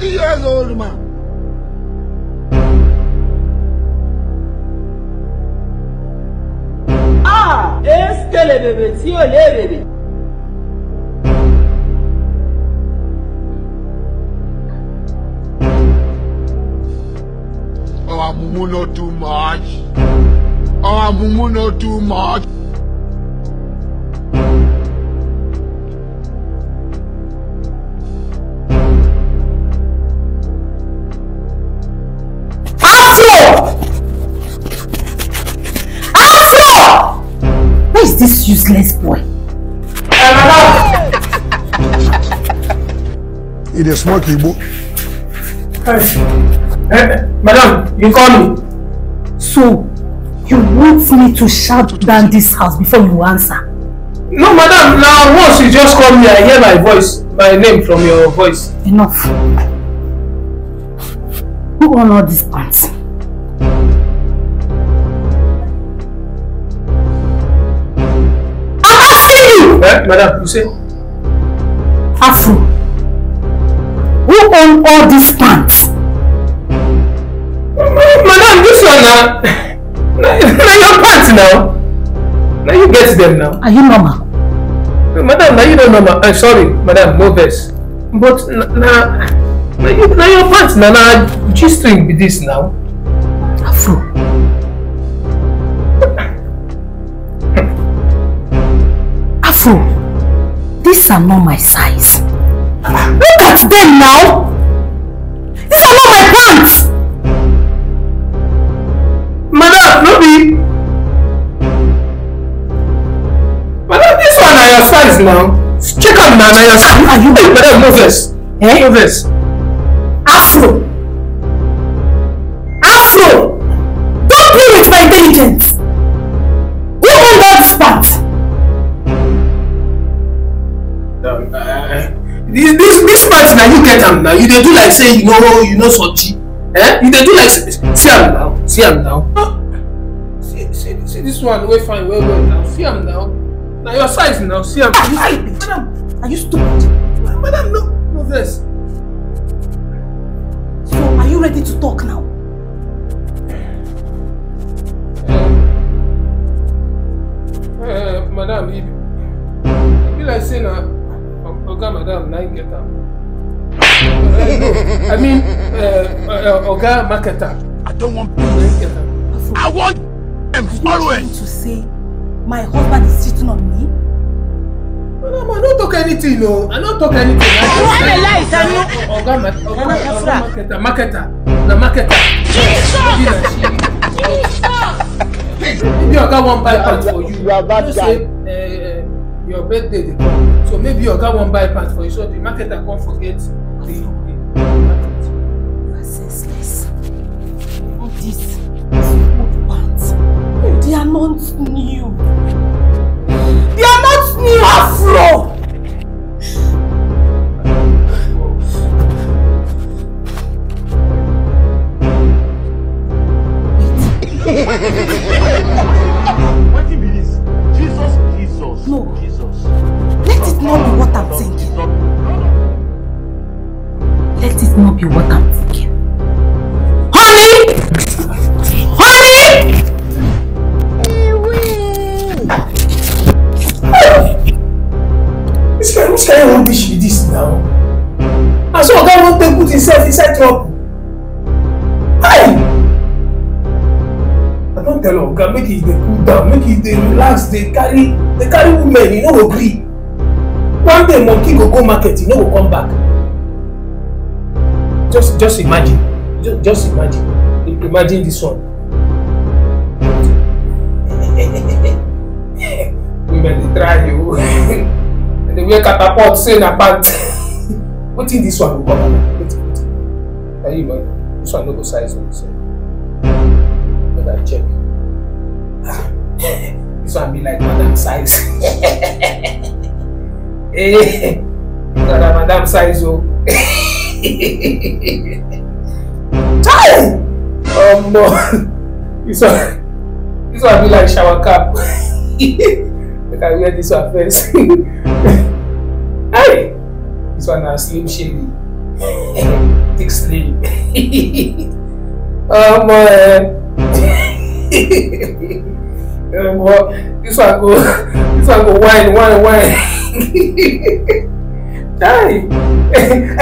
40 years old man. Ah, eskele bèbè tí ò lè bèbè. Oh, I'm not too much. Oh, I'm not too much. this useless boy. He dey Hey, Igbo. Eh, madam, you call me. So, you want me to shout down this house before you answer? No, madam, now once you just call me, I hear my voice, my name from your voice. Enough. Who own all these pants? madam, you say? Afro, who own all these plants? Madam, this one now. Now your pants now. Now you get them now. Are you normal? Madam, now you don't normal. I'm eh, sorry, madam, no verse. But now, now your pants now, now G-string with this now. Afro. So, these are not my size. Look at them now! These are not my pants! Madam, no be! Madam, this one are your size now. Check out man, are your size. Are you? Hey, madam, move this. Eh? Move this. Afro! Afro! Don't play with my intelligence! get am now you dey do like say you no you no sochi, eh you dey do like see am now see am now. Ah! see see see this one wey fine well well now see am now na your size now see am. Ah, you madam are you stupid. madam no no vex. so are you ready to talk now. Uh, madam, e be like say na oga madam na im get am. I mean, uh, uh, Oga Marketer. I don't want people. I want them following. to say my husband is cheating on me? Madam, I don't talk anything, no. I don't talk anything. I don't talk anything. Oga Marketer. Marketer. The Marketer. Jesus! Jesus! Maybe Oga won't buy part for you. You are bad guy birthday dey come so maybe your oga wan buy pants for you so the marketer come forget the the market. na senseless all this old pants oh, they are not new they are not new afro. it not be what I'm thinking. Let it not be what I'm thinking. Honey! Honey! This guy, this kind of rubbish with this now. And so Oga Ronke put himself inside trouble. Hey! I don't tell Oga make it they cool down, make it they relax, they carry, they carry women, you know, agree? One day monkey go go market, you no go come back. Just just imagine. Just, just imagine. Imagine this one. Women dey try you. And dey wear catapult say na pant. in this one go come out? you man. This one no go size up so. Make I check. This one be like madam size. Eh, Dada Madam Saizo. Chai! Um, uh, this one, this one be like shower cap. Make I wear this one first. Hey! This one na slim shady. Oh. Thick slim. um, uh, um, uh, this one go, this one go wine, wine, wine. Tá Ai,